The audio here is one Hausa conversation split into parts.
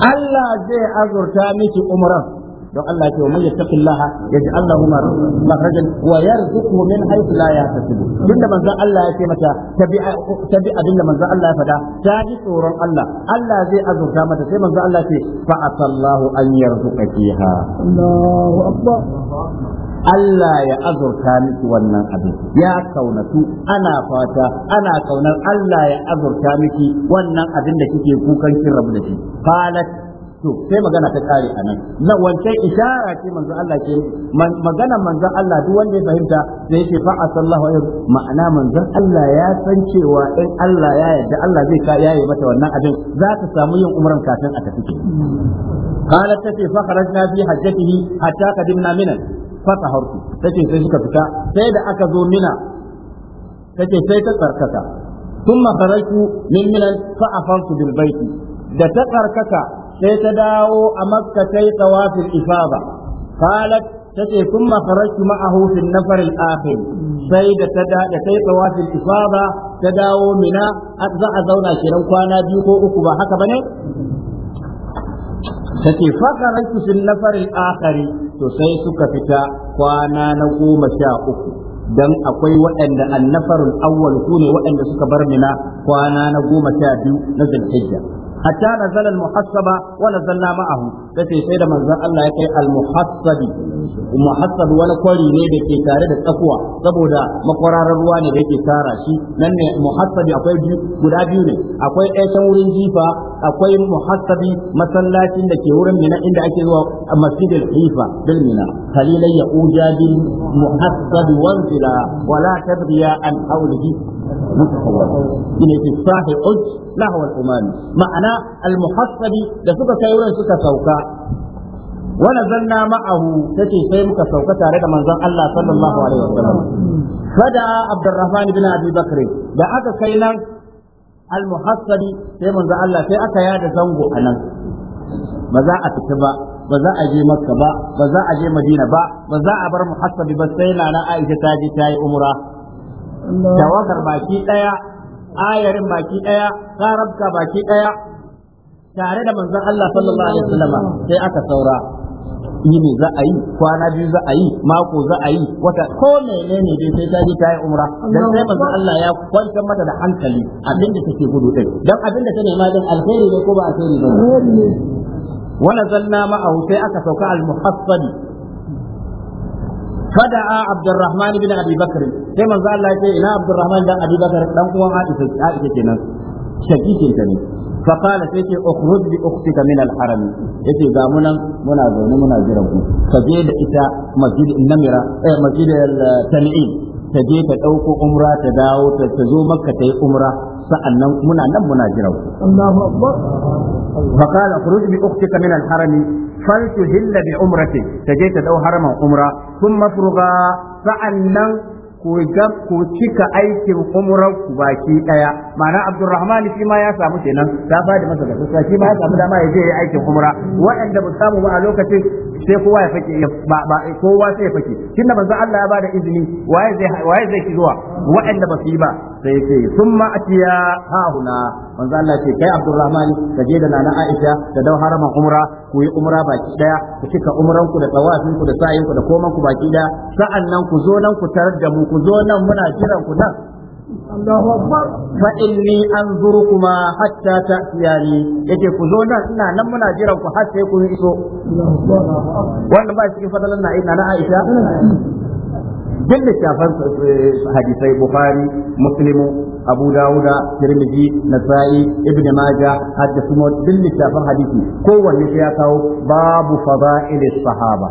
Allah zai azurta miki umran don Allah ke wa man yattaqillaha yaj'al lahu makhrajan wa yarzuquhu min haythu la yahtasib tunda Allah ya ce mata tabi tabi abinda Allah ya fada ta ji tsoron Allah Allah zai azurta mata sai manzon Allah ce fa an yarzuqakiha Allahu akbar Allah ya azurta miki wannan abin ya kaunatu ana fata ana kaunar Allah ya azurta miki wannan abin da kike kukan kin rabu da shi qalat to sai magana ta kare a nan Na wance ishara ce manzo Allah ke magana manzo Allah duk wanda ya fahimta zai ce fa sallahu alaihi ma'ana manzo Allah ya san cewa in Allah ya yarda Allah zai ka yaye mata wannan abin za ta samu yin umran kafin a tafi قالت تتي فخرجنا في حجته حتى قدمنا منن fata harku tace sai suka fita sai da aka zo mina tace sai ta tsarkaka thumma kharajtu min mina fa afartu da ta tsarkaka sai ta dawo a makka sai tawafil ifada ifaba. tace ta kharajtu ma'ahu fi an-nafar al-akhir sai da ta da sai tawafil ifada ta dawo mina za a zauna kiran kwana biyu ko uku ba haka ba ne? ta ce fakaraitu fil nafaril akari to sai suka fita kwana na goma sha uku dan akwai waɗanda annafarul awwal su ne waɗanda suka bar mina kwana na goma sha biyu na zulhijja hatta nazala al-muhassaba wa nazalna ma'ahu tace sai da manzon Allah ya kai al-muhassabi muhassab wani kwari ne da ke tare da tsakuwa saboda makwararar ruwa ne da yake tara shi nan ne muhassabi akwai guda biyu ne akwai ɗayan wurin jifa akwai muhassabi masallacin da ke wurin mina inda ake zuwa masjidil hifa bil mina kalilai ya uja bil muhassabi wanzila wala tadriya an hawlihi shine fi sahi uj lahu al umami ma'ana al muhassabi da suka kai wurin suka sauka zanna nazalna ma'ahu tace sai muka sauka tare da manzon Allah sallallahu alaihi wasallam fada Abdurrahman bin Abi Bakr da aka kai nan al sai manzon Allah sai aka yada zango nan. ba za a fita ba ba za a je makka ba ba za a je madina ba ba za a bar muhassabi ba sai nana aisha ta je ta yi umra tawakar baki ɗaya ayarin baki ɗaya, karabka baki ɗaya. tare da manzon Allah sallallahu alaihi wasallam sai aka saura yini za a yi kwana biyu za a yi mako za a yi wata ko menene dai sai ta ta yi umra dan sai manzon Allah ya kwantar mata da hankali abin da take gudu din dan abin da ta nema din alheri ne ko ba alheri ba wa nazalna ma'ahu sai aka sauka al-muhassab fada'a Abdurrahman bin Abi Bakr sai manzo Allah ya ce ina Abdurrahman dan Abi Bakr dan uwan Aisha Aisha kenan shakikin ta ne فقال سيك اخرج باختك من الحرم يتي غامنا منا زون منا جرب فجيد إتا مسجد النمرة ايه مسجد التنعيم تجي تدوكو عمرة تداو تزو مكة تي عمرة sa'annan muna nan muna jiran Allahu akbar فقال اخرج باختك من الحرم فلتهل بعمرتك تجي تدو حرما عمرة ثم افرغا sa'annan ku ku cika aikin umran ku baki daya ma'ana Abdurrahman shi ma ya samu kenan ta ba da masa da shi ma ya samu dama ya je aikin umra waɗanda ba samu ba a lokacin sai kowa ya fake ba ba kowa sai ya fake tunda manzo Allah ya bada izini waye zai waye zai ki zuwa waɗanda ba su yi ba sai ya ce summa atiya ha huna manzo Allah ce kai Abdurrahman ka je da nana Aisha da dau haraman umra ku yi umra baki daya ku cika umran ku da tawafin ku da sayin ku da koman ku baki daya sa'annan ku zo nan ku tarar da mu ku zo nan muna jiran ku nan fa inni anzurukuma hatta ta'tiyani yake ku zo nan ina nan muna jiran ku har sai kun iso wannan ba cikin fadalan na na Aisha duk littafan hadisai bukhari muslimu abu dauda, tirmidhi nasa'i ibn majah hadda su duk littafan hadisi kowanne sai ya kawo babu fada'il sahaba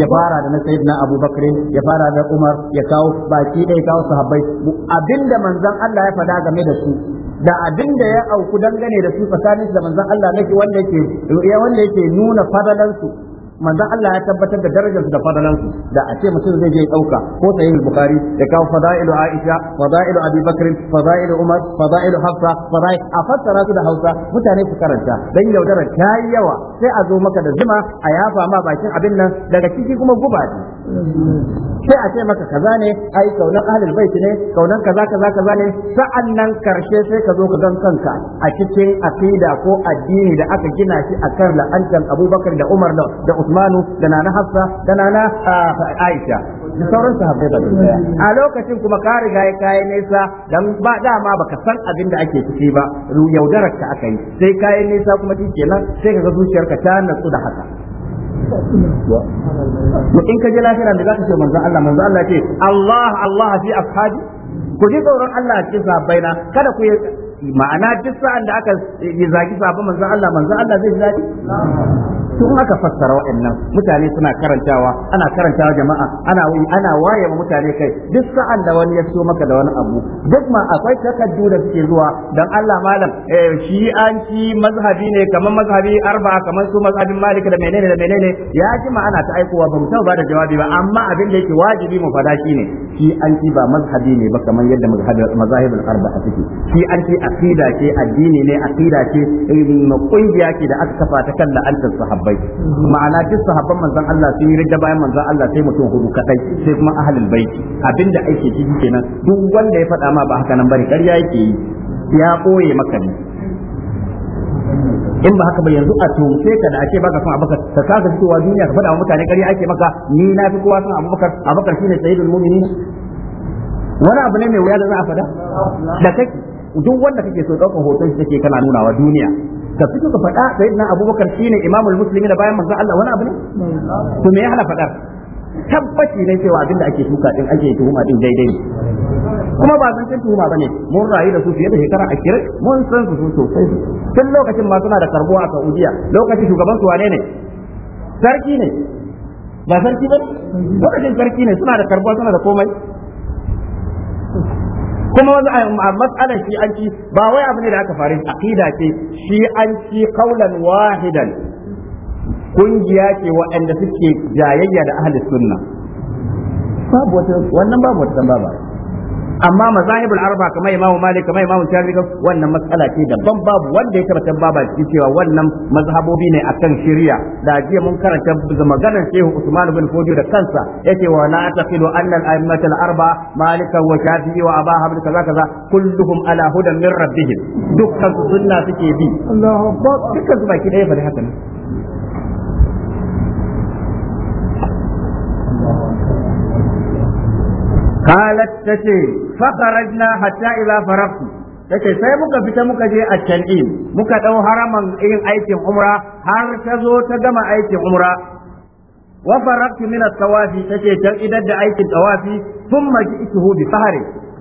ya fara da na sayyidina abubakar ya fara da umar ya kawo baki ɗaya kawo sahabbai abinda manzon Allah ya faɗa game da su da abin da ya auku dangane da su tsakanin da manzon Allah nake wanda yake wanda yake nuna fadalansu manzon Allah ya tabbatar da darajarsu da fadalansu da a ce mutum zai je dauka ko sahih bukari. da kawo fadailu aisha fadailu abi bakr fadailu umar fadailu hafsa fadail a fassara su da hausa mutane ku karanta dan yaudarar ta yi yawa sai a zo maka da zuma a yafa ma bakin abin nan daga ciki kuma guba ne sai a ce maka kaza ne ai kaunan ahlul bait ne kaunan kaza kaza kaza ne sa'an nan karshe sai ka zo ka gan kanka a cikin aqida ko addini da aka gina shi akan la'antan abubakar da umar da usman Usmanu da nana Hafsa da nana ah, Aisha da sauran sahabbai ba a lokacin kuma ka riga ya kai nisa dan ba dama baka san abin da ake ciki ba yaudarar ka aka yi sai kai nisa kuma kenan sai kaga zuciyarka ta natsu da haka in ka je lafiya da zaka ce manzo Allah manzo Allah ce Allah Allah fi ashabi ku ji tsoron Allah a cikin baina kada ku ma'ana duk sa'an da aka eh, zagi sabon manzo Allah manzo Allah zai ji tun aka fassara waɗannan mutane suna karantawa ana karantawa jama'a ana ana waye ma mutane kai duk sa'an da wani ya so maka da wani abu duk ma akwai takaddu da suke zuwa dan Allah malam eh, shi an ci mazhabi ne kamar mazhabi Arba kamar su mazhabin Malik da menene da menene ya ji ma ana ta aikowa ba mu ba da jawabi ba amma abin da yake wajibi mu fada shi ne shi an ci ba mazhabi ne ba kamar yadda mazahibul a suke shi an ci aqida ce addini ne aqida ce eh, kungiya ce da aka kafa ta kan la'antar sahabbai sahabbai ma'ana duk sahabban manzon Allah sun yi ridda bayan manzon Allah sai mutum hudu kadai sai kuma ahlul bait abinda ake ciki kenan duk wanda ya faɗa ma ba haka nan bari ƙarya yake yi ya koye maka ne in ba haka ba yanzu a tumce ka da ake baka son abubakar ka kasa fitowa duniya ka faɗa wa mutane ƙarya ake maka ni na fi kowa son abubakar abubakar shine sayyidul mu'minin wani abu ne mai wuya da za a faɗa da kai duk wanda kake so ɗaukar hoton shi take kana nunawa duniya ka fito ka faɗa sai na abubakar shi ne imamul musulmi da bayan manzon Allah wani abu ne to me ya hana faɗar tabbaci ne cewa abin da ake shuka din ake tuhuma din daidai ne kuma ba zan tuhuma bane mun rayu da su fiye da shekara 20 mun san su sosai tun lokacin ma suna da karbuwa a Saudiya lokacin shugaban su wane ne sarki ne ba sarki ba lokacin sarki ne suna da karbuwa suna da komai kuma mas'alar shi'anci ba wai abu ne da aka faru aqida ce shi'anci kaulan wahidan kungiya ce waɗanda suke jayayya da ahli sunna babu wata wannan babu wata ba amma mazahibul arba kamar imamu malik kamar imamu shafi'i wannan matsala ce daban babu wanda ya tabbata babu cikin cewa wannan mazhabobi ne akan shari'a da jiya mun karanta maganar shehu usman bin fodiyo da kansa yake wa la taqilu anna al a'immata al arba malik wa shafi'i wa aba hamd kaza kaza kulluhum ala hudan min rabbihim dukkan sunna suke bi Allahu akbar dukkan su baki daya fa haka ne qalat tace fa kharajna hatta idza faraqtu tace sai muka fita muka je a can'in muka ɗau haraman yin aikin umra har ta zo ta gama aikin umra wa faraqtu min tawafi tace dan idan da aikin tawafi thumma ji'tuhu bi fahri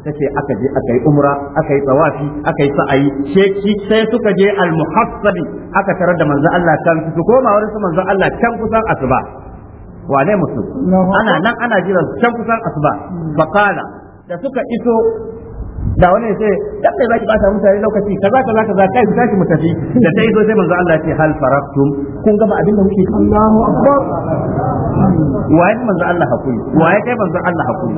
tace aka je aka yi umra aka yi tawafi aka yi sa'ayi sai suka je al-muhassabi aka tarar da manzo Allah kan su koma wurin manzo Allah can kusan asuba wane mutum ana nan ana jiran can kusan asuba bakala hmm. da suka iso da wani ya ce dan me zaki bata mutane lokaci kaza kaza kaza kai ku tashi mu tafi da sai zo sai manzo Allah ya ce hal faraktum kun gama abin da muke Allahu akbar waye manzo Allah hakuri waye kai manzo Allah hakuri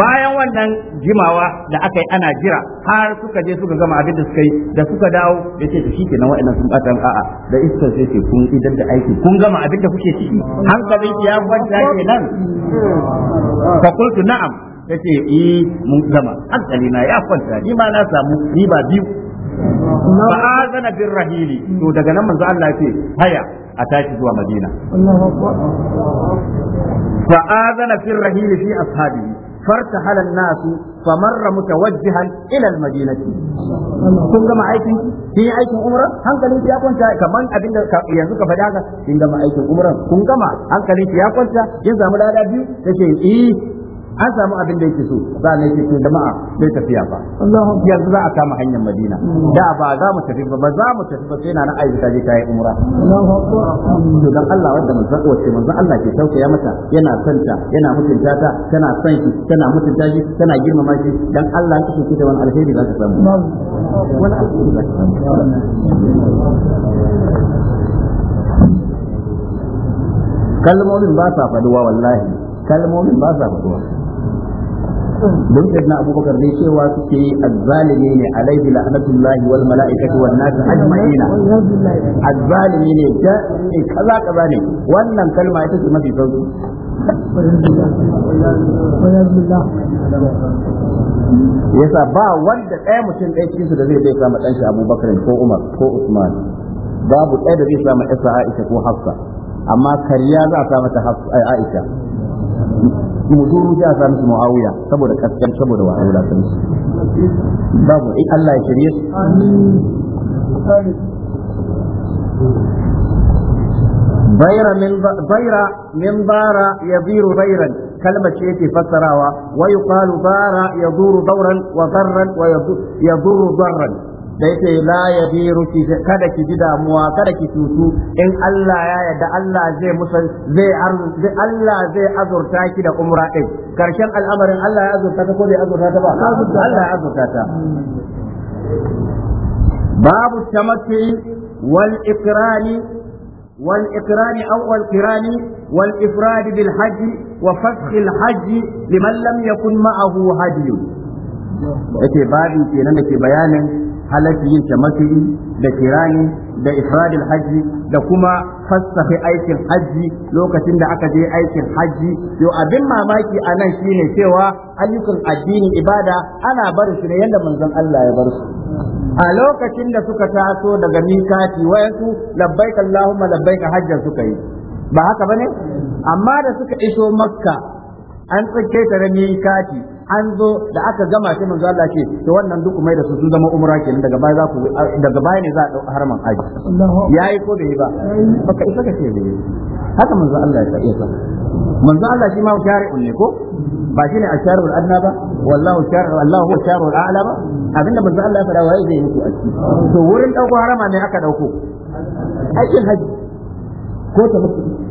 bayan wannan jimawa da aka yi ana jira har suka je suka gama abin da suka yi da suka dawo yace to shikenan wa'annan sun bata a'a da iskar sai ce kun idan da aiki kun gama abin da kuke ciki hankalin ya kwanta kenan fa qultu na'am tace e eh, mun zama hankali na ya kwanta ni ma na samu ni ba biyu fa zana bir rahili to daga nan manzo Allah ce haya a tashi zuwa Madina fa azana fir rahili fi ashabi فارتحل الناس فمر متوجها الى المدينه kun gama aikin kin yi aikin umra hankalin ya kwanta kaman abin da yanzu ka faɗi haka kin gama aikin umra kun gama hankalin ya kwanta kin samu dada biyu take eh an samu abin da yake so za ne yake jama'a sai tafiya ba yanzu za a kama hanyar madina mm. da ba za mu tafi ba za mu tafi ba sai na na aisha je ta yi umra to Allah wanda mun san wace manzon Allah ke sauka ya mata yana santa yana mutunta ta tana san shi tana mutunta shi tana girmama shi dan Allah kake kike wani alheri za ka samu wani alheri za ka samu kalmomin ba sa faduwa wallahi kalmomin ba sa faduwa don sayyidina abubakar ne cewa suke yi azzalimi ne alaihi la'natullahi wal mala'ikati wan nas ajma'ina azzalimi ne da ne kaza kaza ne wannan kalma ita ce mafi sauki yasa ba wanda ɗaya mutum ɗaya cikinsu da zai zai ɗan shi abubakar ko umar ko usman babu ɗaya da zai samu ɗansa aisha ko hafsa amma kariya za a sa mata aisha muturu sai a sa musu muawiya saboda kaskan saboda wa aula kan su babu in Allah ya shirye su bayra min bara ya bara yadiru bayran kalma ce yake fassarawa wa yuqalu bara yaduru dawran wa darran wa yaduru darran da yake la ya bi ki kada ki ji damuwa kada ki tutu in Allah ya yarda Allah zai musa zai Allah zai azurta ki da umra din karshen al'amarin Allah ya azurta ta ko bai azurta ta ba Allah ya azurta ta babu tamattu wal ikrani wal ikrani aw wal kirani wal ifrad bil hajj wa fath al hajj liman lam yakun ma'ahu hadiy yake babu kenan da ke bayanin halatta yin tamattu'i da kirani da ifradil hajji da kuma fassafe aikin hajji lokacin da aka je aikin hajji yo abin mamaki a nan shine cewa ayyukan addini ibada ana barin su ne yadda manzon Allah ya bar su a lokacin da suka taso daga mikati wayansu labbaik Allahumma labbaik hajja suka yi ba haka bane amma da suka iso makka an tsakke ta da mikati an zo da aka gama shi manzo Allah ce to wannan duk mai da su sun zama umra kenan daga baya za ku daga baya ne za a dau harman aji yayi ko bai ba baka isa ka ce haka manzo Allah ya iya sa manzo Allah shi ma shari'un ne ko ba shi ne a al-adna ba wallahu sharu Allah huwa sharu ala ba abinda manzo Allah ya fada wai zai yi to wurin dauko harama ne aka dauko aikin haji ko ta mutu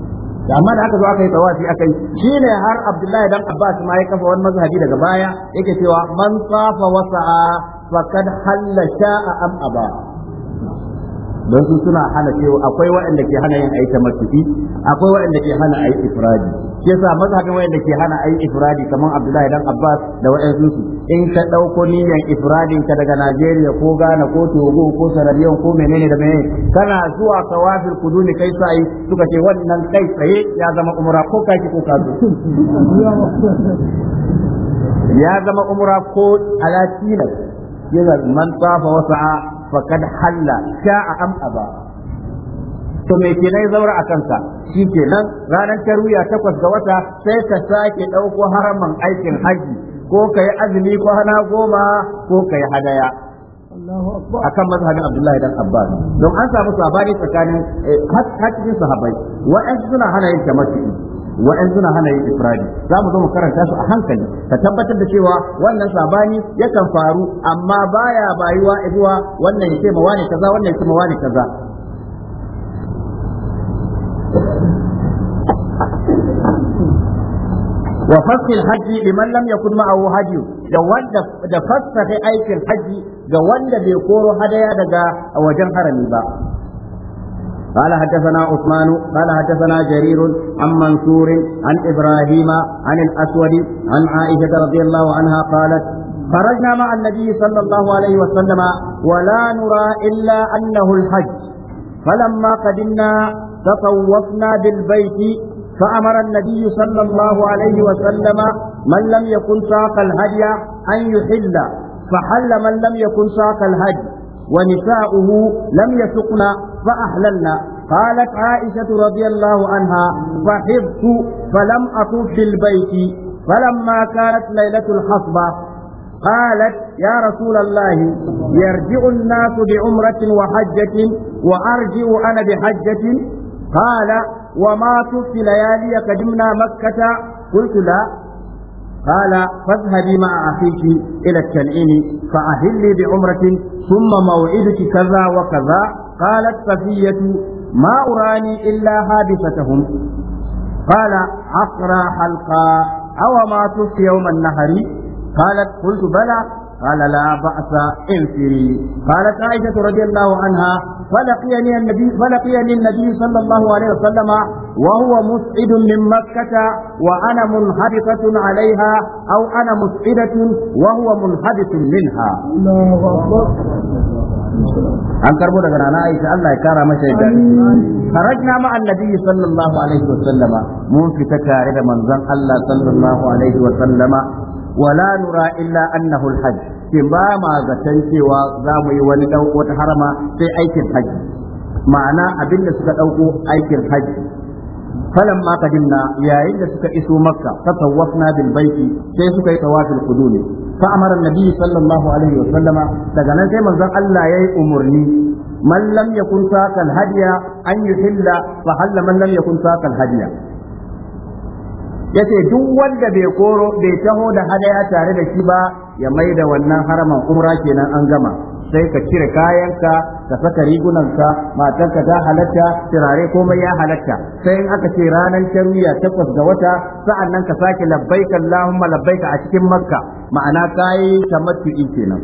da amma da aka zo aka yi tawafi aka yi shine har Abdullahi dan Abbas ma ya kafa wani mazhabi daga baya yake cewa man safa wasa'a faqad halla sha'a am aba don su suna hana cewa akwai waɗanda ke hana yin aita matufi akwai waɗanda ke hana ayi ifradi shi yasa mazhabin waɗanda ke hana ayi ifradi kamar Abdullahi dan Abbas da waɗansu su in ka dauko niyan ifradin ka daga Najeriya ko Ghana ko Togo ko Sierra ko menene da menene kana zuwa kawafir kuduni kai sai suka ce wannan kai tsaye ya zama umra ko kaki ko kazo ya zama umra ko alatila ya man tsafa wasa'a faqad halla a am aba to me ke nan zaura a kansa shi ke nan ranar tarwiya takwas ga wata sai ka sake ɗauko haraman aikin haji ko ka yi azumi ko hana goma ko ka yi hadaya akan mazhabin Abdullahi dan Abbas don an samu sabani tsakanin har sahabai, sahabbai suna hana yin tamattu wa'an na hana yin ifradi za mu zo mu karanta su a hankali ka tabbatar da cewa wannan sabani yakan faru amma baya bayuwa zuwa wannan ya ma wani kaza wannan ya ma wani kaza wa fasil haji liman lam yakun ma'ahu haji da wanda da aikin haji ga wanda bai koro hadaya daga wajen harami ba قال حدثنا عثمان قال حدثنا جرير عن منصور عن إبراهيم عن الأسود عن عائشة رضي الله عنها قالت خرجنا مع النبي صلى الله عليه وسلم ولا نرى إلا أنه الحج فلما قدمنا تطوفنا بالبيت فأمر النبي صلى الله عليه وسلم من لم يكن ساق الهدي أن يحل فحل من لم يكن ساق الهدي ونساؤه لم يسقن فأحللنا قالت عائشة رضي الله عنها فحبت فلم أطوف بالبيت فلما كانت ليلة الحصبة قالت يا رسول الله يرجع الناس بعمرة وحجة وأرجع أنا بحجة قال وما في ليالي قدمنا مكة قلت لا قال فاذهبي مع أخيك إلى التنعيم فأهلي بعمرة ثم موعدك كذا وكذا قالت صفية ما أراني إلا حادثتهم قال أقرى حلقا أو ما يوم النهر قالت قلت بلى قال لا بأس انفري قالت عائشة رضي الله عنها فلقيني النبي فلقيني النبي صلى الله عليه وسلم وهو مسعد من مكة وأنا منحدثة عليها أو أنا مسعدة وهو منحدث منها an karbo daga nana Aisha Allah ya kara masa yadda kharajna ma annabi sallallahu alaihi wa sallama mun fita tare da manzon Allah sallallahu alaihi wa sallama wala nura illa annahu alhajj kin ba ma zaton cewa za mu yi wani dan wata harama sai aikin hajji ma'ana abin da suka ɗauko aikin hajji falan ma kadinna yayin da suka iso makka tatawafna bil baiti sai suka yi tawafil quduni fa amara annabi sallallahu alaihi wa sallama daga nan sai manzon Allah yayi umarni, man lam yakun saqal hadiya an yuhilla fa halla man lam yakun saqal hadiya yace duk wanda bai koro bai taho da hadaya tare da shi ba ya mai da wannan haraman umra kenan an gama sai ka cire kayanka ka saka rigunanka matanka ta halatta turare komai ya halatta sai in aka ce ranar tarwiya takwas ga wata sa'an nan ka sake labbaika Allahumma labbaika a cikin makka ma'ana kayi tamattu'i kenan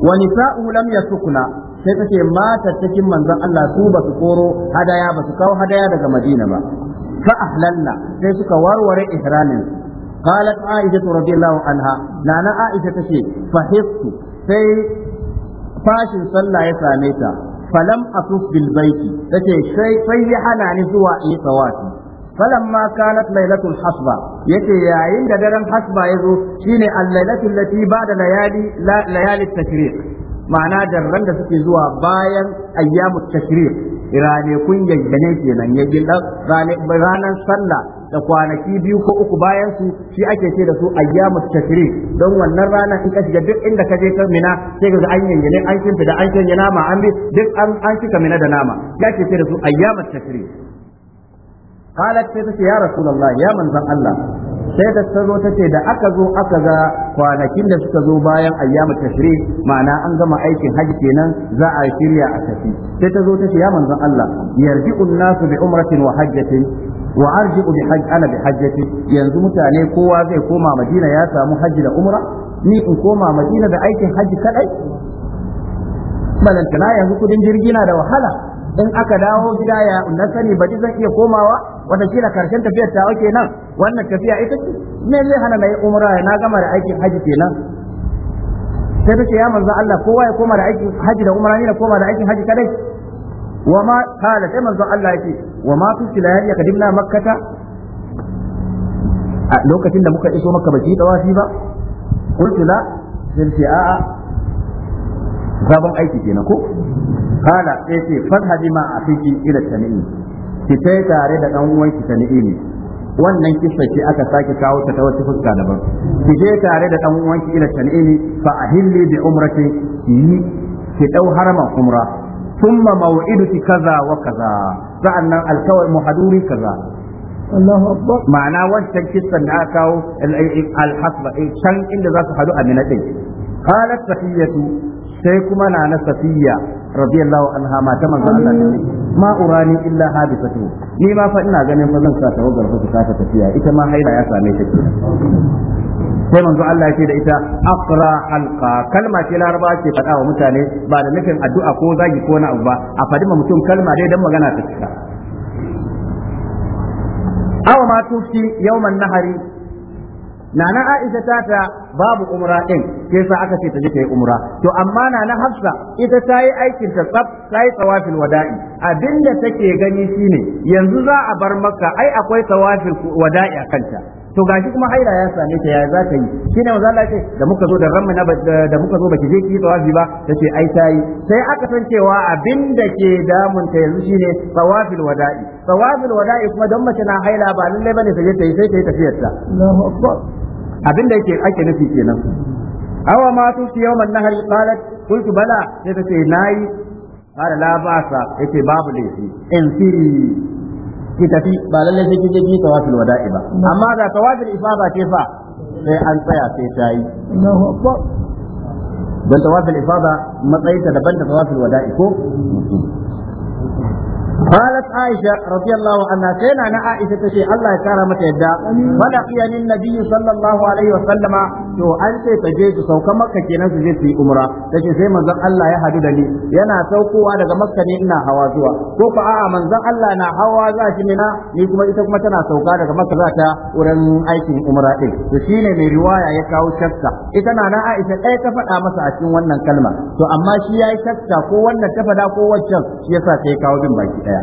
wa nisa'u lam yasukuna sai kace matar cikin manzon Allah su basu koro hadaya su kawo hadaya daga Madina ba fa ahlalna sai suka warware ihramin qalat aisha radiyallahu anha nana aisha tace fa sai fashin sallah ya same ta falam atuf bil baiti tace sai sai ya hana ni zuwa yi tawafi فلما كانت ليلة الحصبة يتي يا عند درن حصبة يزو شيني الليلة التي بعد ليالي لا ليالي التشريق معناه درن da suke zuwa bayan ayyamu irane kun yayyane kenan yayyin ranar sallah da kwanaki biyu ko uku bayan su shi ake ce da su ayyamu tashri don wannan rana in ka shiga duk inda ka je ka mina sai ga an yayyane an da an shanye nama an bi duk an an shika mina da nama ya ke ce da su ayyamus tashrik قالت ta ce ya rasulullahi ya من Allah. sai da ta zo ta ce da aka zo aka ga kwanakin da suka zo bayan ayyamu tashri ma'ana an gama aikin haji kenan za a shirya a tafi sai ta zo ta ce ya manzon Allah yarji'u nasu bi umratin wa hajjatin wa arji'u bi hajj ana bi hajjati yanzu mutane kowa zai koma Madina ya samu haji da umra ni in koma Madina da aikin haji kadai balantana yanzu kudin jirgi na da wahala in aka dawo gida ya na sani ba zan iya komawa wata kila karshen tafiyar ake nan, wannan tafiya ita ce me zai hana na yi ya na gama da aikin haji kenan sai ta ce ya manzo Allah kowa ya koma da aikin haji da umra ne na koma da aikin haji kadai wa ma kala sai manzo Allah yake wa ma tu tilayani ya kadimna makkata a lokacin da muka iso maka baki tawafi ba qultu la sai ce a'a sabon aiki kenan ko kala sai ce fadhabi ma afiki ila tani'i ki tai tare da dan uwan ki ne wannan kissa ce aka sake kawo ta ta wasu fuska daban ki je tare da dan uwan ki ila tani'i fa ahilli bi umrati yi ki dau haraman umra thumma maw'iduki kaza wa kaza sa'annan alkawar muhaduri kaza Allahu akbar ma'ana wancan kissan da aka kawo al-hasba can inda za su hadu a minadin qalat safiyatu sai kuma na na safiya radiyallahu Alhama mata manzon Allah ta ce ma urani illa hadisatu ni ma fa ina ganin fa zan sa tawagar fa ta ta tafiya ita ma haila ya same ta sai manzo Allah ya ce da ita afra halqa ce laraba ce faɗawa mutane ba da nufin addu'a ko zagi ko na abu ba a faɗi ma mutum kalma dai dan magana ta cika aw ma tufti yawman nahari nana Aisha ta babu umra din sai sa aka ce ta je ta yi umra to amma na na hafsa ita ta yi aikin ta tsaf ta yi tawafin wada'i abinda take gani shine yanzu za a bar maka ai akwai tawafin wada'i a kanta to gashi kuma haila ya same ta ya za ta yi shi ne Allah ce da muka zo da ranmu na da muka zo baki je ki tawafi ba ce ai ta yi sai aka san cewa abin da ke damun ta yanzu shine tawafil wada'i tawafil wada'i kuma don mace na haila ba lallai bane ta je ta yi sai ta yi tafiyar ta Allahu akbar abin da yake ake nufi kenan awa ma tu yau man nahari qalat qultu bala sai ta ce nayi qala la ba'sa yace babu laifi in siri ki tafi ba lalle sai kike ki tawafil wada'i ba amma da tawafil ifada ce fa sai an tsaya sai ta yi. Don dan tawafil ifada matsayinta daban da tawafil wada'i ko قالت عائشة رضي الله عنها سينا أنا عائشة تشي الله يكرم تيدا فلقيني النبي صلى الله عليه وسلم to an ce ta je su sauka maka kenan su je su yi umra tace sai manzon Allah ya hadu da ni yana saukowa daga makka ne ina hawa zuwa ko a a'a manzon Allah na hawa za shi mina ni kuma ita kuma tana sauka daga makka za ta wurin aikin umra din to ne mai riwaya ya kawo shakka ita na nan Aisha ɗaya ta faɗa masa a cikin wannan kalma to amma shi yayi shakka ko wannan ta faɗa ko waccan shi yasa sai kawo bin baki ɗaya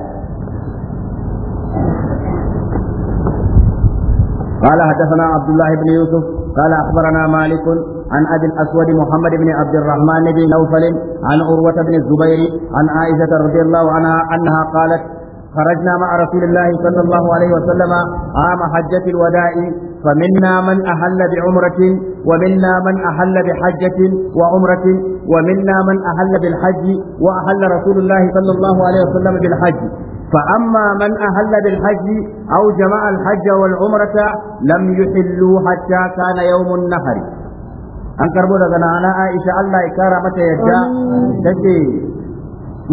قال حدثنا عبد الله بن يوسف قال أخبرنا مالك عن أبي الأسود محمد بن عبد الرحمن بن نوفل عن عروة بن الزبير عن عائشة رضي الله عنها أنها قالت خرجنا مع رسول الله صلى الله عليه وسلم عام حجة الوداع فمنا من أحل بعمرة ومنا من أحل بحجة وعمرة ومنا من أحل بالحج وأحل رسول الله صلى الله عليه وسلم بالحج فأما من أهل بالحج أو جمع الحج والعمرة لم يحلوا حتى كان يوم النهر أن كربو دغنا أنا عائشة الله إكرامة يجا تشي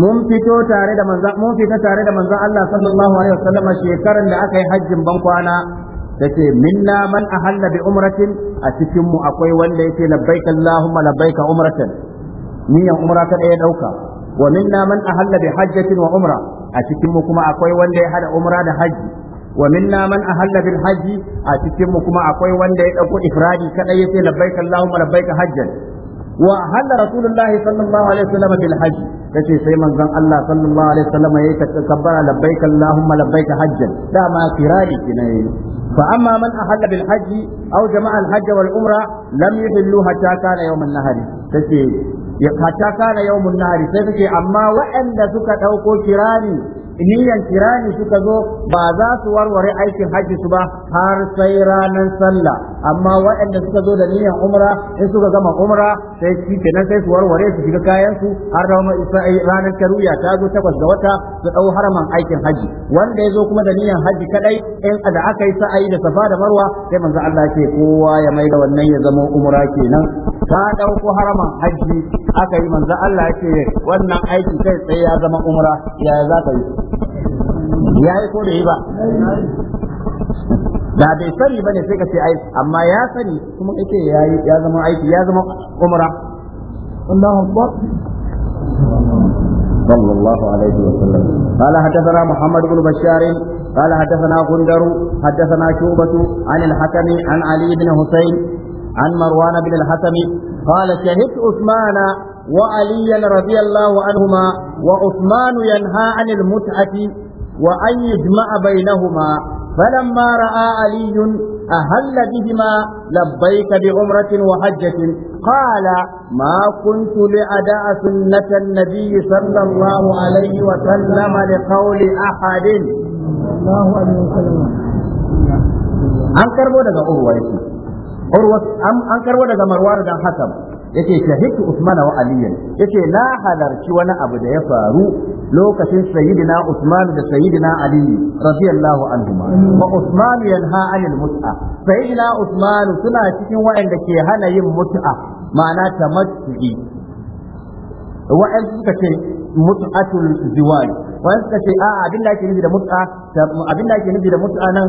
mun fito tare da manzo mun fita tare da manzo Allah sallallahu alaihi wasallam shekaran da aka yi hajjin ban kwana tace minna man ahalla bi umratin a cikin akwai wanda yake labbaik allahumma labbaik ta ɗaya dauka wa minna man wa umra a cikinmu kuma akwai wanda ya hada umra da haji wa minna man ahalla bil haji a cikinmu kuma akwai wanda ya dauko ifradi kadai yace labbaik allahumma labbaik hajjan wa ahalla rasulullah sallallahu alaihi wasallam bil haji yace sai manzon Allah sallallahu alaihi wasallam yayi takabbara labbaik allahumma labbaik hajjan dama firadi kinai فأما من أحل بالحج أو جمع الحج والعمرة لم يحلوا حتى كان يوم النهر تسي kata kana yawmun munari sai suke amma waɗanda suka ɗauko kirani niyan kirani suka zo ba za su warware aikin hajji su ba har sai ranar sallah amma waɗanda suka zo da niyan umra in suka gama umra sai shi kenan sai su warware su shiga kayan su har ranar taruya ta zo takwas ga wata su ɗau haraman aikin hajji wanda ya zo kuma da niyan hajji kadai in da aka yi sa'ayi da safa da marwa sai manzo Allah ke kowa ya mai da wannan ya zama umra kenan ta ɗauko haraman hajji aka yi manzo Allah ke wannan aiki kai sai ya zama umra ya za ka yi ya yi ko da yi ba da bai sani bane sai ka ce ai amma ya sani kuma kace ya yi ya zama aiki ya zama umra Allahu akbar صلى الله عليه وسلم قال حدثنا محمد بن بشار قال حدثنا غندر حدثنا شعبة عن الحكم عن علي بن حسين عن مروان بن الحكم قال شهدت عثمان وعليا رضي الله عنهما وعثمان ينهى عن المتعة وأن يجمع بينهما فلما رأى علي أهل بهما لبيك بعمرة وحجة قال ما كنت لأداء سنة النبي صلى الله عليه وسلم لقول أحد الله عليه وسلم an karbo daga urwa yake urwa an karbo daga marwar dan hakam yace shahidtu Usman wa Ali yace na halarci wani abu da ya faru lokacin sayyidina Usman da sayyidina Ali radiyallahu anhuma wa Usman yanha anil mut'a sayyidina Usman suna cikin waɗanda ke hana yin mut'a ma'ana tamattu'i wa'an suka ce mut'atul ziwaj wa'an suka ce a abin da ake nufi da mut'a abin da ake nufi da mut'a nan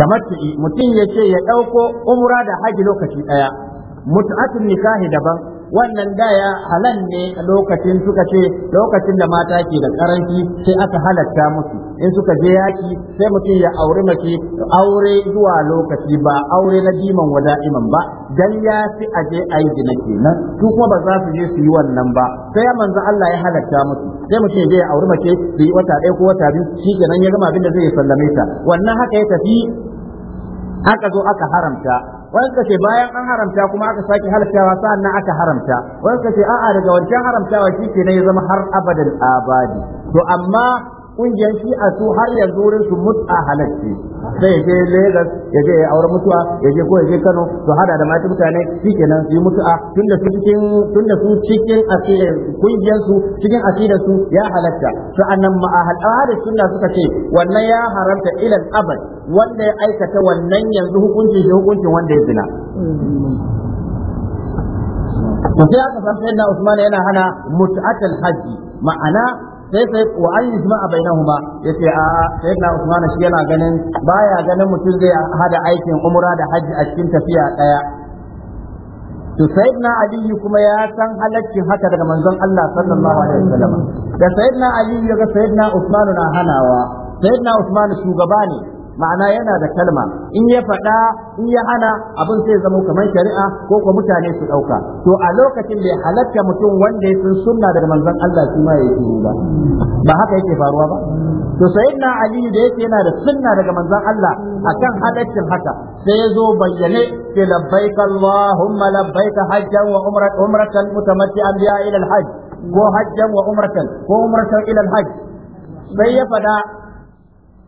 tamattu'i mutum ya ce ya ɗauko umra da haji lokaci ɗaya mutu'atun nikahi daban wannan ya halal ne lokacin suka ce lokacin da mata ke da karanci sai aka halatta musu in suka je yaki sai mutum ya auri mace aure zuwa lokaci ba aure na diman wa da'iman ba dan ya fi a je a yi gina kenan su kuma ba za su je su yi wannan ba sai ya manzo Allah ya halatta musu sai mutum ya je ya auri mace su yi wata ɗaya ko wata biyu shi kenan ya gama abin da zai sallame ta wannan haka ya tafi aka zo aka haramta wani kace bayan an haramta kuma aka sake sa'an sa'annan aka haramta wani kace a'a daga wancan haramtawa shi ke ne ya zama har abadan abadi to amma kungiyar shi a su har yanzu wurin su mutsa halarci. sai ya je Lagos ya je auren mutuwa ya je ko ya je Kano su hada da mata mutane shi shikenan su yi mutu'a tunda su cikin su cikin asirin kungiyar su cikin asirin su ya halatta sa'annan ma'ahal da suna suka ce wannan ya haramta ilan abad wanda ya aikata wannan yanzu hukuncin shi hukuncin wanda ya zina to sai aka san sayyidina Usman yana hana mut'atul hajji ma'ana sai sai wa an ba bainahuma yace a sai na Usman shi yana ganin baya ganin mutum zai hada aikin umra da hajji a cikin tafiya daya to sayyidina ali kuma ya san halaccin haka daga manzon Allah sallallahu alaihi wasallam da sayyidina ali ya ga sayyidina Usman na hanawa sayyidina Usman shugaba ne ma'ana yana da kalma in ya faɗa in ya hana abin sai zama kamar shari'a ko ko mutane su ɗauka to a lokacin da ya halatta mutum wanda ya sun sunna daga manzon Allah shi ma ya yi ba ba haka yake faruwa ba to na ali da yake yana da sunna daga manzon Allah akan halaccin haka sai ya zo bayyane ke labbaika Allahumma labbaika hajjan wa umratan mutamatti'an biha ila al-hajj ko hajjan wa umratan ko umratan ila al-hajj sai ya faɗa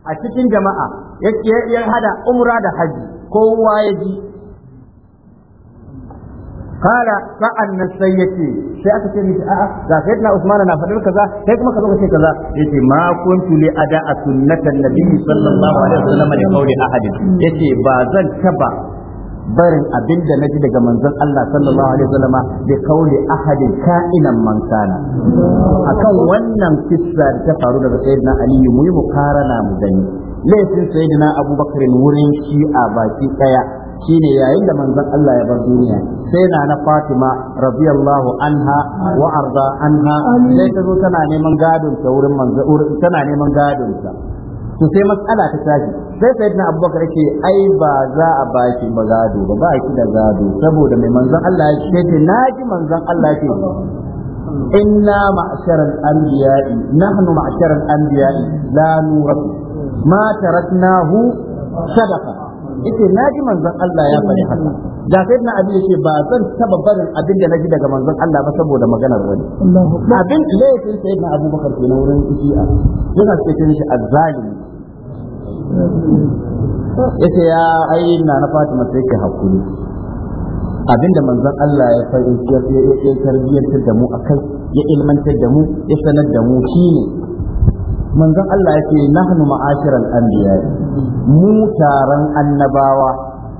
a cikin jama'a ya hada umra da haji kowa ya ji kala sa'an nan sai yace sai aka ce mishi a'a ga sayyidina Usman na faɗar kaza sai kuma ka zo ka ce kaza yace ma kuntu li ada'a sunnatan nabi sallallahu alaihi wasallam li qawli ahadin yace ba zan taba barin abin da naji daga manzon Allah sallallahu alaihi wasallama bi kauli ahadin ka'inan man kana akan wannan kissa da ta faru daga sayyidina Ali mu yi mukarana mu gani laifin sayyidina Abubakar wurin shi'a baki daya shine yayin da manzon Allah ya bar duniya sai na na Fatima radiyallahu anha wa arda anha sai ta zo tana neman gadon ta wurin manzon tana neman gadon ta to sai matsala ta tashi sai na abubakar ce ai ba za a baki ba gado ba ba shi da gado saboda mai manzon Allah ya ce na ji manzon Allah ce inna ma'sharal anbiya'i nahnu ma'sharal anbiya'i la nurath ma taratnahu sadaqa yace na ji manzon Allah ya faɗi haka da sai na abin yace ba zan taba barin abin da naji daga manzon Allah ba saboda maganar wani abin laifin sai na abubakar ke na wurin shi'a yana cikin shi azzalimi yace ya ai na na Fatima sai ke hakuri abinda manzon Allah ya faɗi ya tarbiyyantar da mu akai ya ilmantar da mu ya sanar da mu shine manzon Allah ya ce nahnu an anbiya mu taron annabawa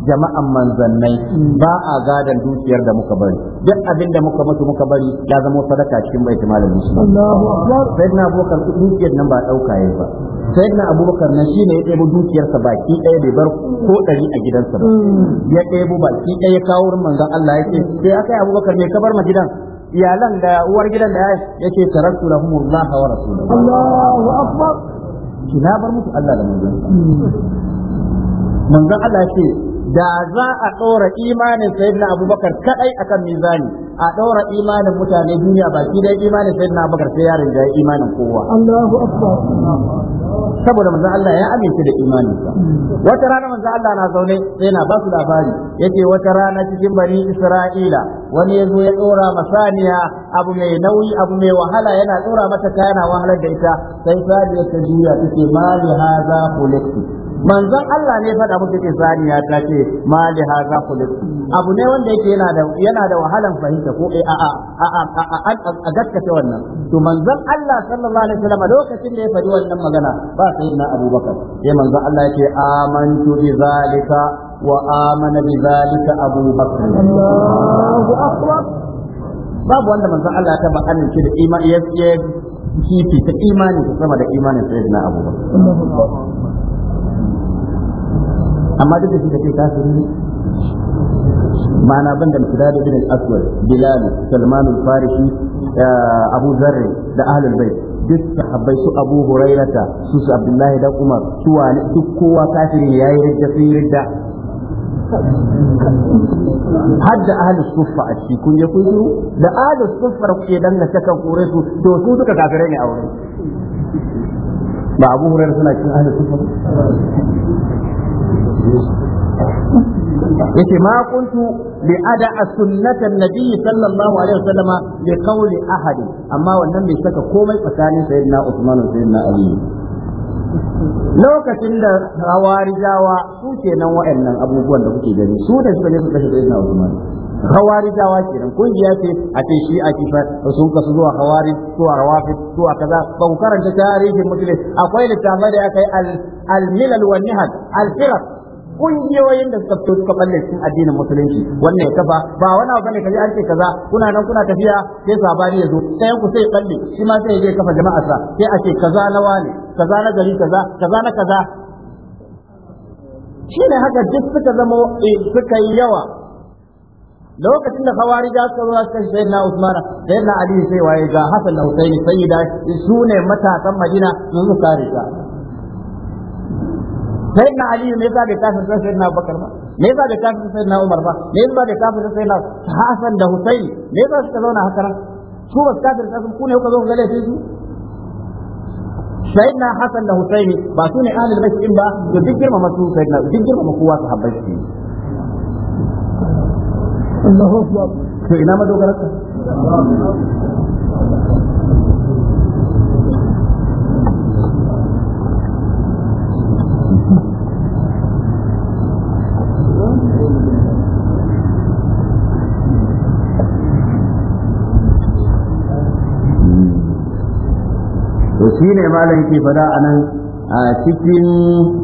jama'an manzannai ba a gadan dukiyar da muka bari duk abin da muka mutu muka bari ya zama sadaka cikin bai malin musulmi Allahu akbar sai na bukar dukiyar nan ba dauka yayi ba sayyidina abubakar nan ne ya ɗebo dukiyarsa baki ɗaya bai bar ko ɗari a gidansa ba mm. ya ɗebo baki ɗaya ya kawo wurin manzon Allah ce sai aka yi abubakar ne ka bar ma gidan iyalan da uwar gidan da yake tarattu lahumullaha wa rasulahu Allahu akbar kina bar musu Allah da manzon mm. manzon Allah ce da za a ɗora imanin sayyidina abubakar kadai akan mizani a ɗora imanin mutane duniya baki dai imanin sai na bakar sai yarin da imanin kowa saboda manzo Allah ya amince da imanin sa wata rana manzo Allah na zaune sai na ba su labari yace wata rana cikin bani Isra'ila wani yazo ya ɗora masaniya abu mai nauyi abu mai wahala yana ɗora mata kayana wahalar da ita sai sadiya ta juya take mali hadha manzon Allah ne faɗa musu ce saniya ta ce ma li hadha khuliq abu ne wanda yake yana da yana da wahalan fahimta ko eh, a a a a gaskace wannan to manzon Allah sallallahu alaihi wasallam lokacin da ya faɗi wannan magana ba sayyidina Abubakar sai manzon Allah yake amantu bi zalika wa amana bi zalika Abubakar Allahu akbar babu wanda manzon Allah ta ba amince da imani ya kifi ta imani sama da imanin sayyidina Abubakar amma duk da shi kace kafiri ne ma'ana banda misdad ibn al-aswad bilal salman al-farisi eh, abu zarr da ahlul bayt duk sahabbai su abu hurairata su su abdullahi da umar su wani duk kowa kafiri ne yayi ridda fi ridda hadda ahlus suffa a cikin kun je kun da ahlus suffa kuke danna kan kore su to su suka kafirai ne a wurin ba abu hurairah suna cikin ahlus suffa yake ma kuntu bi ada sunnata nabi sallallahu alaihi wasallam bi qawli ahadi amma wannan bai saka komai tsakanin sayyidina Usman da sayyidina Ali lokacin da hawarijawa su nan wa'annan abubuwan da kuke gani su da suka je su kashe sayyidina Usman hawarijawa nan kungiya ce a ce shi a kifa sun kasu zuwa hawari zuwa rawafi zuwa kaza ba ku karanta tarihin musulmi akwai littafai da aka yi al-milal wa nihad al-firaq kungiyoyin da suka fito suka balle cikin addinin musulunci wannan ya kafa ba wani abu bane kaje an ce kaza kuna nan kuna tafiya sai sabani ya zo ɗayan ku sai balle shi ma sai ya je kafa jama'a sa sai a ce kaza na wani kaza na gari kaza kaza na kaza shi ne haka duk suka zama eh, suka yi yawa lokacin da kawari da suka zuwa suka shi na Usman sayyidina Ali sai waye ga Hassan da Husaini sayyida su ne matasan Madina sun su kare ta sai na aliyu ne yasa bai kafin sai sai na bakar ba ne yasa bai kafin sai na umar ba ne yasa bai kafin sai na hasan da husaini ne yasa suka zauna haka nan su ba kafin sai ku ne kuka zo ga laifin su sayyidina hasan da husaini ba su ne ahlul bait din ba da duk girmama su sayyidina duk girmama kowa su habbai su Allahu akbar to ina ka. Shin ne malam ke fada a nan cikin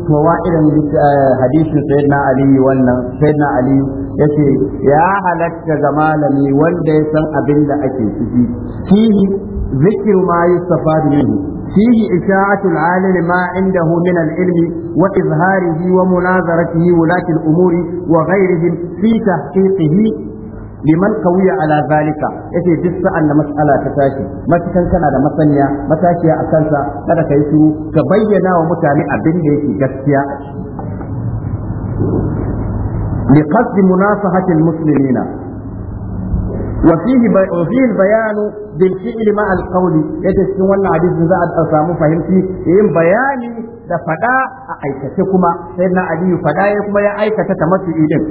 towa irin eh, hadisin sai aliyu wannan sai aliyu ya ce ya halatta ga malami wanda ya san abin da ake ciki Kihi zikiru ma yi safari ne fihi isha'atu alim ma inda min al-ilmi wa izharihi wa munazaratihi wulati umuri wa ghayrihim fi tahqiqihi liman kawiya ala zalika yace duk sa'an da mas'ala ta tashi matakan kana da masaniya matashiya a kansa kada kai shiru ka bayyana wa mutane abin da yake gaskiya a ciki لقصد مناصحة المسلمين وفيه بي... وفيه البيان بالفعل مع القول يتسكن wannan hadisin za a samu fahimci yin bayani da faɗa a aikace kuma sai na aliyu fada ya kuma ya aikata ta tamattu idin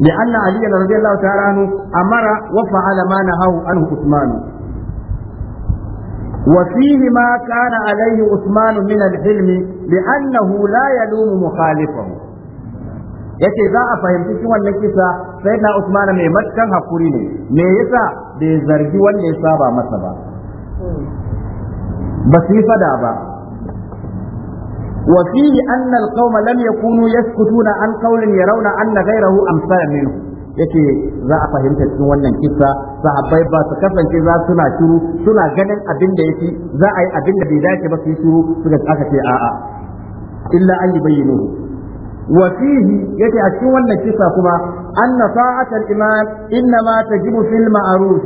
لأن علي رضي الله تعالى عنه أمر وفعل ما نهاه عنه عثمان وفيه ما كان عليه عثمان من الحلم لأنه لا يلوم مخالفه yake za a fahimci shi wannan kisa sai na Usman mai matukan hakuri ne me yasa bai zargi wanda ya saba masa ba ba su yi fada ba وفيه أن القوم لم يكونوا يسكتون عن قول يرون أن غيره أمثال منه yake za a fahimta cikin wannan kisa sahabbai ba su kasance za suna shiru suna ganin abin da yake za a yi abin da bai dace ba su yi shiru suka aka ce a'a illa an yi bayyano wa fihi yace a cikin wannan kisa kuma anna sa'atul iman inna ma tajibu fil ma'ruf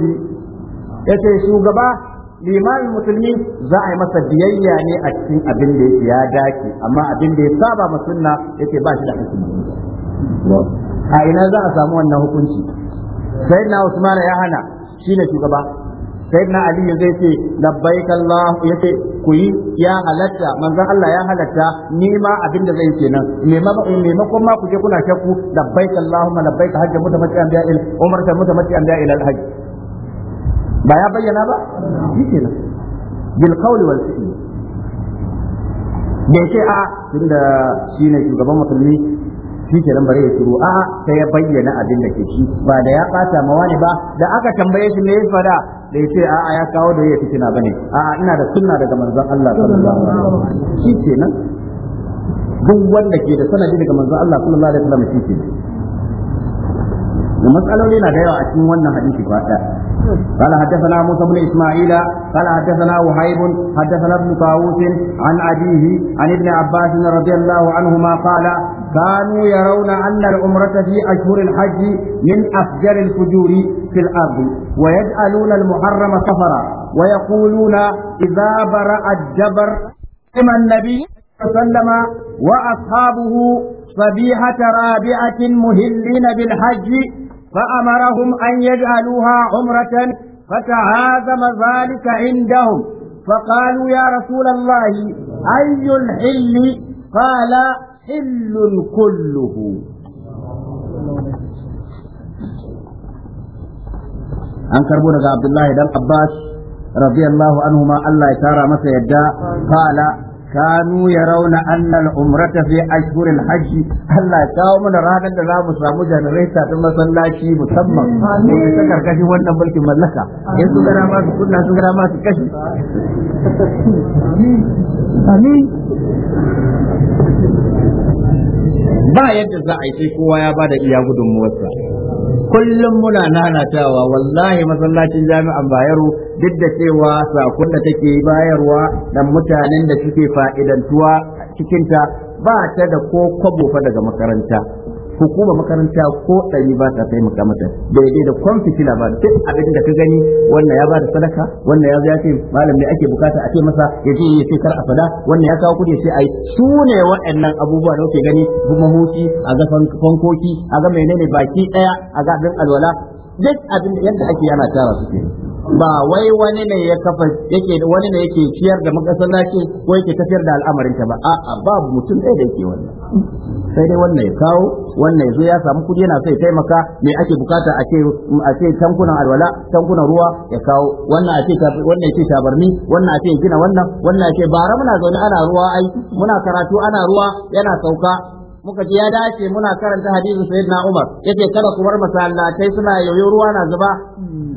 yace shugaba limamin musulmi za a yi masa biyayya ne a cikin abin da yake ya dace amma abin da ya saba ma sunna yake ba shi da hukumi a ina za a samu wannan hukunci sayyidina usman ya hana ne shugaba sayyidina ali zai ce labbaik allah yace ku yi ya halatta manzon Allah ya halatta ni ma abin da zai kenan Me ma ku je kuna shakku labbaik allahumma labbaik hajja mutamatiyan bi'a umratan mutamatiyan bi'a ila al ba ya bayyana ba shi ke nan bil qawli wal fi'li bai ce a tunda ne shugaban musulmi shi ke nan bare ya turo a sai ya bayyana abin da ke shi ba da ya bata ma wani ba da aka tambaye shi ne ya fada da ce a ya kawo da ya fitina bane a ina da sunna daga manzon Allah sallallahu alaihi wasallam shi ke nan duk wanda ke da sanadi daga manzon Allah sallallahu alaihi wasallam shi ke nan da matsaloli na da yawa a cikin wannan hadisi ba ɗaya قال حدثنا موسى بن إسماعيل قال حدثنا وهيب حدثنا ابن طاووس عن أبيه عن ابن عباس رضي الله عنهما قال كانوا يرون أن العمرة في أشهر الحج من أفجر الفجور في الأرض ويجعلون المحرم سفرا ويقولون إذا برأ الجبر اما النبي صلى الله عليه وسلم وأصحابه صبيحة رابعة مهلين بالحج فأمرهم أن يجعلوها عمرة فتهازم ذلك عندهم فقالوا يا رسول الله أي الحل قال حل كله أن كربونا عبد الله بن عباس رضي الله عنهما الله يتارى متى يدعى قال kanu yarawna anna al-umrata fi ashhur al-hajj Allah ya kawo mana ranar da zamu samu janareta ta masallaci musamman ne ta karkashin wannan mulkin mallaka in su kunna ba yadda za a yi sai kowa ya bada iya gudunmuwarsa kullum muna nanatawa wallahi masallacin jami'an bayero duk da cewa sakon da take bayarwa da mutanen da suke fa'idantuwa cikinta ba ta da ko kwabo fa daga makaranta hukuma makaranta ko ɗari ba ta taimaka mata daidai da kwamfitila ba duk abin da ka gani wannan ya ba da sadaka wannan ya zai ce malam ne ake bukata a ce masa ya je ya ce kar a fada wannan ya kawo kuɗi sai ai su ne waɗannan abubuwa da kuke gani kuma gumamuci a ga fankoki a ga menene baki ɗaya a ga abin alwala duk abin yadda ake yana tara su ke. ba wai wani ne ya kafa yake wani ne yake ciyar da makasallaci ko yake tafiyar da al'amarin ta ba a'a babu mutum ɗaya da yake wannan sai dai wannan ya kawo wannan ya zo ya samu kudi yana sai taimaka me ake bukata a ce a ce tankunan alwala tankunan ruwa ya kawo wannan a ce wannan ya ce tabarni wannan a ce gina wannan wannan a ce bara muna zaune ana ruwa ai muna karatu ana ruwa yana sauka muka ji ya dace muna karanta hadisin sayyidina Umar yace kada ku bar masallatai suna yoyo ruwa na zuba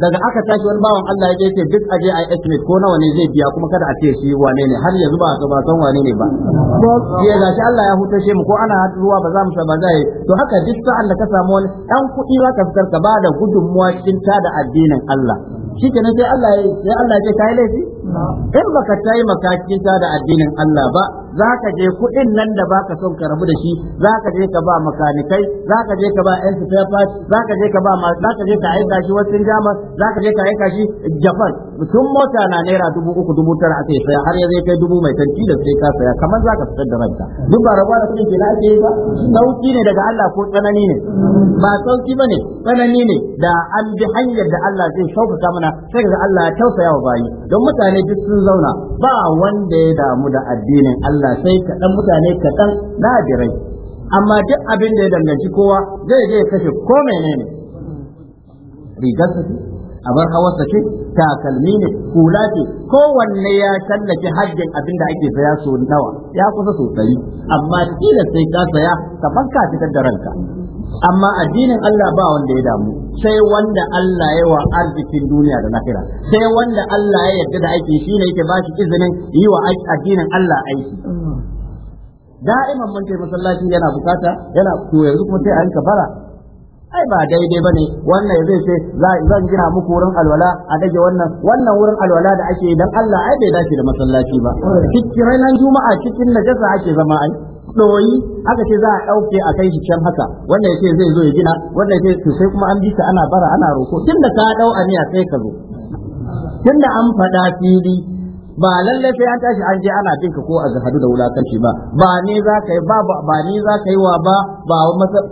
daga aka tashi wani bawan Allah ya ce duk aje ai estimate ko nawa ne zai biya kuma kada a ce shi wane ne har yanzu ba a ba san wane ne ba ya zaci shi Allah ya hutashe mu ko ana ruwa ba za mu ba zai to haka duk sa'an da ka samu wani dan kuɗi ba ka fitar ka ba da gudunmuwa cikin da addinin Allah shikenan sai Allah ya sai Allah ya ce kai laifi in baka taimaka cikin da addinin Allah ba za ka je kuɗin nan da baka son ka rabu da shi za ka je ka ba makanikai za ka je ka ba yan spare parts za ka je ka ba ma za ka je ka aika shi wasu jama za ka je ka aika shi Japan Mutum mota na naira dubu uku dubu tara ake saya har ya zai kai dubu mai tanti da sai ka saya kamar za ka fitar da ranka duk ba rabuwa da kuɗin ke ake yi ba sauki ne daga Allah ko tsanani ne ba sauki ba ne tsanani ne da an bi hanyar da Allah zai sauƙaƙa mana sai ga Allah ya tausaya wa bayi don mutane malamai duk sun zauna ba wanda ya damu da addinin Allah sai kaɗan mutane kaɗan nadirai amma duk abin da ya danganci kowa zai je kashe ko menene rigarsa ce abar hawarsa ce takalmi ne kula ce kowanne ya sallaki hajjin abin da ake saya so nawa ya kusa sosai amma tilas sai ka saya ka fanka fitar da ranka amma addinin Allah ba wanda ya damu sai wanda Allah ya wa arzikin duniya da lahira sai wanda Allah ya yarda da aiki shine yake ba shi izinin yi wa addinin Allah aiki da'iman mun masallaci yana bukata yana to yanzu kuma sai a rinka bara ai ba daidai bane wannan zai ce zan gina muku wurin alwala a dage wannan wannan wurin alwala da ake dan Allah ai bai dace da masallaci ba cikin ranar juma'a cikin najasa ake zama ai ɗoyi aka ce za a ɗauke a kai shi can haka wanda ya ce zai zo ya gina wanda ya ce sai kuma an bi ta ana bara ana roko tun da ka ɗau niya sai ka zo tun da an faɗa fili ba lallai sai an tashi an je ana bin ka ko a zahadu da wulakanci ba ba ne za ka yi ba ba ne za ka yi wa ba ba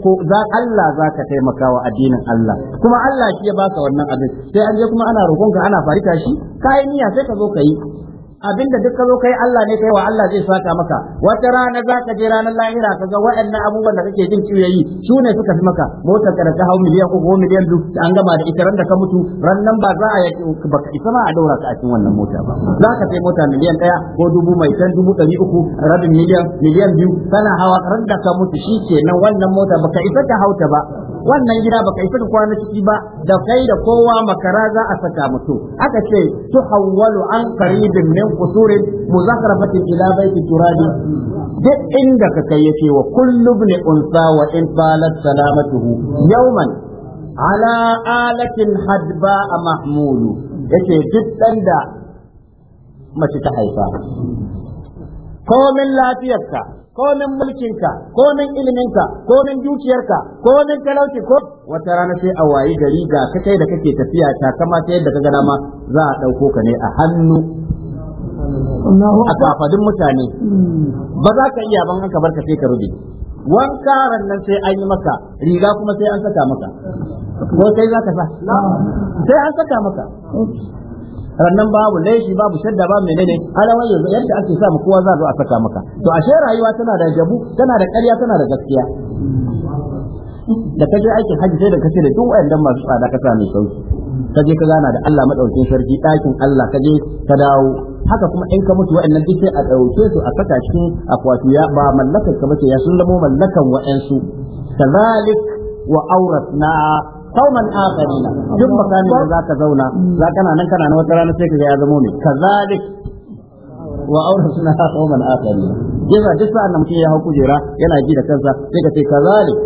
ko za Allah za ka taimaka wa addinin Allah kuma Allah shi ya baka wannan abin sai an je kuma ana roƙon ka ana farita shi kai niyya sai ka zo ka yi abinda duk ka zo kai Allah ne kai wa Allah zai saka maka wata rana za ka je ranar lahira ka ga waɗannan abubuwan da kake jin ciwayi su ne suka fi maka motar ka da ta hau miliyan uku ko miliyan biyu an gama da ita ran da ka mutu ran nan ba za a yaki ka isa ma a daura ka a cikin wannan mota ba za ka kai mota miliyan ɗaya ko dubu mai can dubu ɗari uku rabin miliyan miliyan biyu kana hawa ran da ka mutu shi ke nan wannan mota ka isa ka hauta ba wannan gida baka isa ka kwana ciki ba da kai da kowa makara za a saka mutu aka ce tuhawwalu an qaribin min qusurin muzakrafatin ila baiti turadi duk inda ka kai yake wa kullu ibn unsa wa in talat salamatuhu yawman ala alatin hadba mahmulu yace duk dan mace ta haifa komin lafiyarka komin mulkinka komin iliminka komin dukiyarka komin talauci ko wata rana sai a wayi gari ga ka kai da kake tafiya ta kama ta yadda ka gada ma za a ɗauko ka ne a hannu a kafadin mutane hmm. ba za ka iya ban haka barka sai ka rubi wanka nan sai an yi maka riga kuma sai an saka maka ko kai za ka sa sai an saka maka rannan babu laifi babu shadda ba menene alawai yanzu yadda ake sa mu kowa za a saka maka to ashe rayuwa tana da jabu tana da ƙarya tana da gaskiya da ka je aikin hajji sai da kace da duk wayannan masu tsada ka mai sauki ka je ka gana da Allah madaukin sarki ɗakin Allah ka je ka dawo haka kuma in ka mutu waɗannan duk sai a ɗauke su a saka cikin akwati ya ba mallakar ka bace ya sun zama mallakan wa'ansu kazalik wa auratna qauman akharina duk makamin da zaka zauna za kana nan kana na wata rana sai kaga ya zamo ne kazalik wa aurasuna qauman akharina Giza duk sa'an da mutum ya hau kujera yana ji da kansa sai ka ce kazalik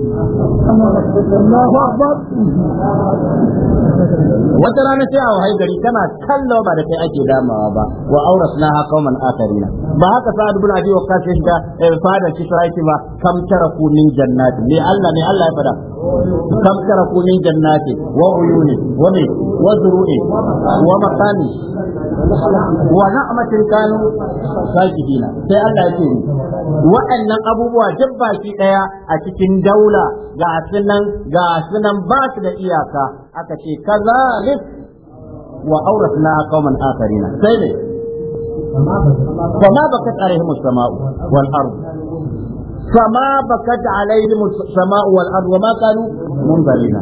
wata rana sai a wahai gari tana kallo ba da kai ake damawa ba wa suna ha qauman akharina ba haka sa'ad ibn abi waqqas ya shiga eh, fada shi sai ba kam taraku min jannati ne Allah ne Allah ya fada kam taraku min jannati wa uyuni wa ne wa zuru'i wa maqami wa na'matin kanu dina, sai Allah ya ce waɗannan abubuwa duk baki ɗaya a cikin daula ga sunan ga sunan ba su da iyaka aka ce kazalik wa auratna qauman akharina sai ne فما بكت عليهم السماء والأرض فما بكت عليهم السماء والأرض وما كانوا منظرين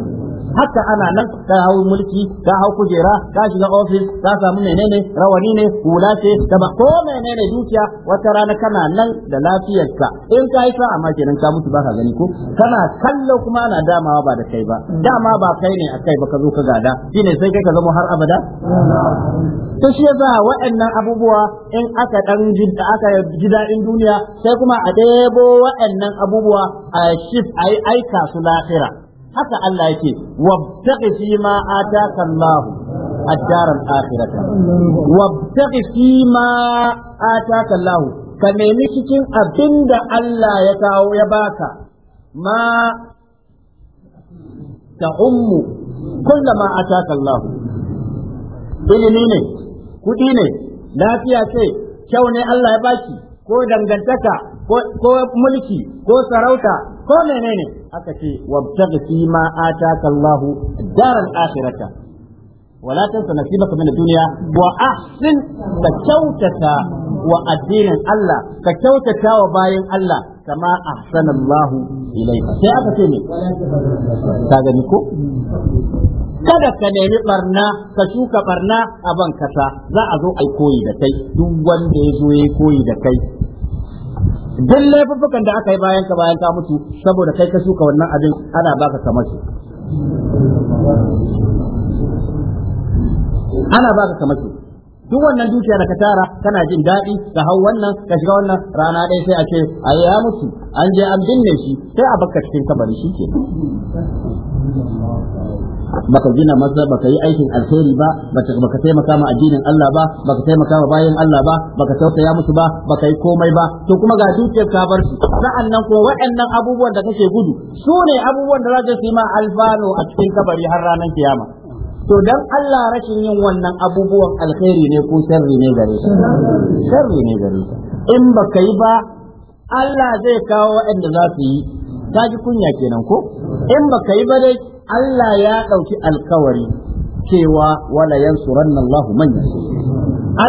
haka ana nan ka hau mulki ka hau kujera ka shiga ofis ka samu menene rawani ne hula ce ba ko menene dukiya wata rana kana nan da lafiyarka in ka yi sa'a mace kenan ka mutu ba ka gani ko kana kallo kuma ana damawa ba da kai ba dama ba kai ne akai ba ka zo ka gada shine sai kai ka zama har abada to shi yasa waɗannan abubuwa in aka dan aka ji daɗin duniya sai kuma a ɗebo waɗannan abubuwa a shif a aika su lafira haka Allah yake wabtaqi fi ma ataka Allah ad-dar al-akhirah wabtaqi fi ma ataka Allah ka nemi cikin abinda Allah ya kawo ya baka ma ta'ummu kullama ataka Allah ilimi ne kuɗi ne lafiya ce kyau ne Allah ya baki ko dangantaka ko mulki ko sarauta ko menene aka ce wabtaghi fi ma ataka Allahu daral akhirata wala tansa nasibaka min dunya wa ahsin ka kyautata wa addinin Allah ka kyautata wa bayin Allah kama ahsana Allahu ilayka sai aka ce ne ka gani ko kada ka nemi barna ka shuka barna a ban kasa za a zo ai koyi da kai duk wanda ya zo yayi koyi da kai duk laifuffukan da aka yi bayan ka bayan ka mutu saboda kai ka suka wannan abin ana baka kamar shi ana baka kamar shi duk wannan dukiya da ka tara kana jin daɗi ka hau wannan ka shiga wannan rana ɗaya sai a ce a ya mutu an je an binne shi sai a baka cikin kabari shi ke baka gina masa baka yi aikin alheri ba baka taimaka ma addinin Allah ba baka taimaka ma bayan Allah ba baka tausaya musu ba baka yi komai ba to kuma ga dukiyar ka bar su sa'annan kuma waɗannan abubuwan da kake gudu su ne abubuwan da za su yi ma alfano a cikin kabari har ranar kiyama to dan Allah rashin yin wannan abubuwan alkhairi ne ko sharri ne gare shi sharri ne gare shi in baka yi ba Allah zai kawo waɗanda za su yi ta ji kunya kenan ko in baka yi ba dai Allah ya ɗauki alkawari cewa wala yansuranna Allah man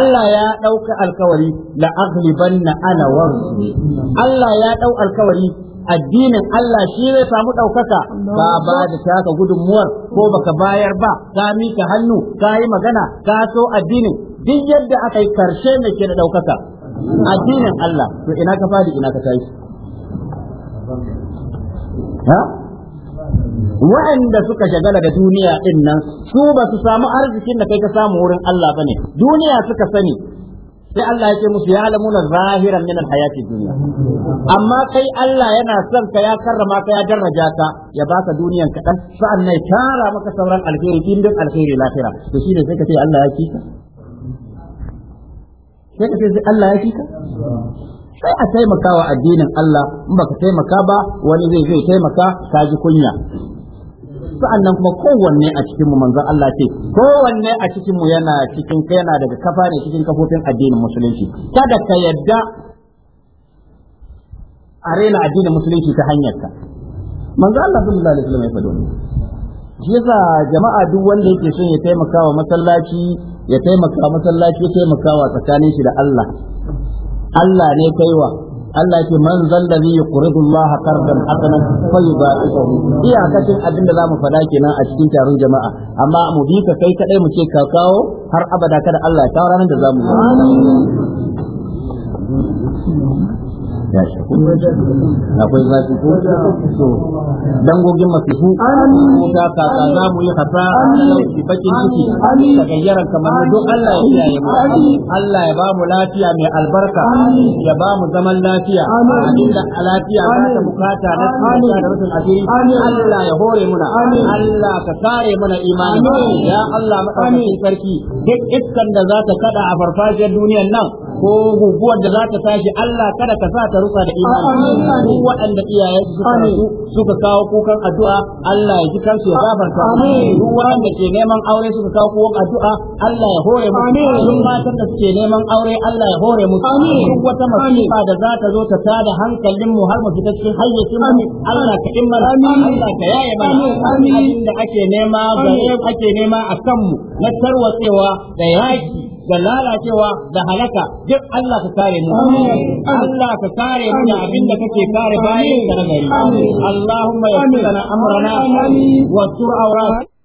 Allah ya ɗauka alkawari la aghlibanna ana wa Allah ya ɗau alkawari addinin Allah shi zai samu ɗaukaka ba ba da taka gudunmuwar ko baka bayar ba ka mika hannu ka yi magana ka so addinin duk yadda aka yi karshe mai ke da ɗaukaka addinin Allah to ina ka fadi ina ka tashi wa'anda suka shagala da duniya din nan su ba su samu arzikin da kai ka samu wurin Allah bane duniya suka sani sai Allah ya ce musu ya alamuna zahiran min alhayati duniya, amma kai Allah yana son ka ya karrama ka ya daraja ka ya baka duniyan kaɗan sa'an nan tara maka sauran alheri din duk alheri lafira to sai ka ce Allah ya sai ka ce Allah ya kika sai a taimaka wa addinin Allah in baka taimaka ba wani zai zai taimaka ka ji kunya Sa'an nan kuma kowanne a cikinmu manzan Allah ce kowanne a cikinmu yana cikin yana daga kafa ne cikin kafofin addinin musulunci kada ka yadda a rena addinin musulunci ta hanyar ka manzon Allah sallallahu alaihi wasallam ya faɗo shi yasa jama'a duk wanda yake son ya taimaka wa masallaci ya taimaka masallaci ya taimaka wa tsakanin shi da Allah Allah ne kaiwa Allah ce man zallazi yuqridu Allah qardan hasanan fayudaifahu iyakacin abin da zamu faɗa kenan a cikin taron jama'a amma mu bi ka kai kaɗai mu ce ka kawo har abada kada Allah ya kawo ranar da zamu yi ya shi kun akwai zafi ko so dangogin masu masifu ta kaka za mu yi hasa ki bakin ciki da gayyaran kamar duk Allah ya kiyaye mu Allah ya ba mu lafiya mai albarka ya ba mu zaman lafiya abinda lafiya ba ta bukata na tsada da rufin asiri Allah ya hore muna Allah ka kare muna imani ya Allah madaukakin sarki duk iskan da za ta kada a farfajiyar duniyar nan ko guguwar da za ta tashi Allah kada ka sa ta rusa da imani duk waɗanda iyaye su suka kawo kukan addu'a Allah ya ji kansu ya gafarta duk waɗanda ke neman aure suka kawo kukan addu'a Allah ya hore musu duk matan da suke neman aure Allah ya hore musu duk wata masifa da za ta zo ta tada hankalin mu har mu fita cikin hayyacin mu Allah ka in mana Allah ka yaye mana abin da ake nema gare ake nema a kanmu na tarwatsewa da yaki da lalacewa da halaka duk Allah ka kare mu Allah ka kare mu da abin da kake kare bayan ka na gari Allahumma yassir lana amrana wa sur awrat